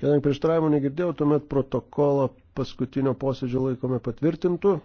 Kadangi prieštaravimų negirdėjau, tuomet protokolą paskutinio posėdžio laikome patvirtintų.